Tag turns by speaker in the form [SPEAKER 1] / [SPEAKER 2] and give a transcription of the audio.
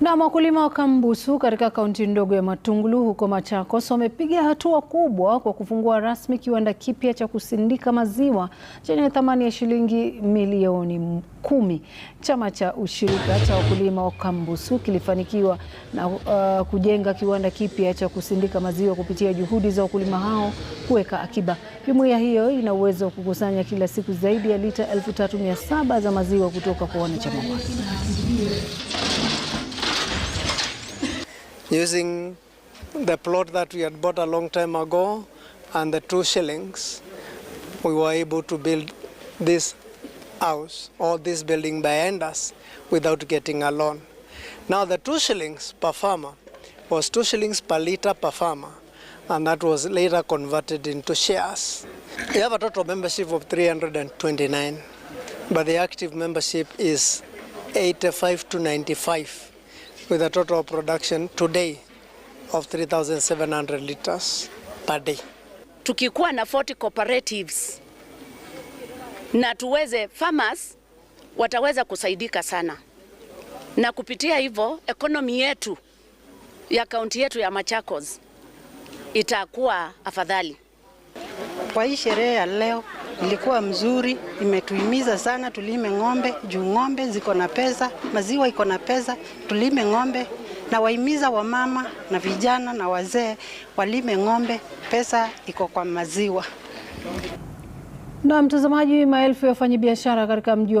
[SPEAKER 1] Na wakulima wa Kambusu katika kaunti ndogo ya Matungulu huko Machakos wamepiga hatua kubwa kwa kufungua rasmi kiwanda kipya cha kusindika maziwa chenye thamani ya shilingi milioni kumi. Chama cha ushirika cha wakulima wa Kambusu kilifanikiwa na uh, kujenga kiwanda kipya cha kusindika maziwa kupitia juhudi za wakulima hao kuweka akiba. Jumuiya hiyo ina uwezo wa kukusanya kila siku zaidi ya lita 3700 za maziwa kutoka kwa wanachama wake.
[SPEAKER 2] using the plot that we had bought a long time ago and the two shillings, we were able to build this house or this building behind us without getting a loan. Now the two shillings per farmer was two shillings per liter per farmer and that was later converted into shares. We have a total membership of 329 but the active membership is 85 to 95. with a total production today of 3700 liters per day.
[SPEAKER 3] Tukikuwa na 40 cooperatives na tuweze farmers wataweza kusaidika sana, na kupitia hivyo ekonomi yetu ya kaunti yetu ya Machakos itakuwa afadhali.
[SPEAKER 4] Kwa hii sherehe ya leo ilikuwa mzuri, imetuhimiza sana tulime ng'ombe juu ng'ombe ziko na pesa, maziwa iko na pesa, tulime ng'ombe na wahimiza wamama na vijana na wazee walime ng'ombe, pesa iko kwa maziwa. Na mtazamaji, maelfu ya wafanyabiashara katika mji wa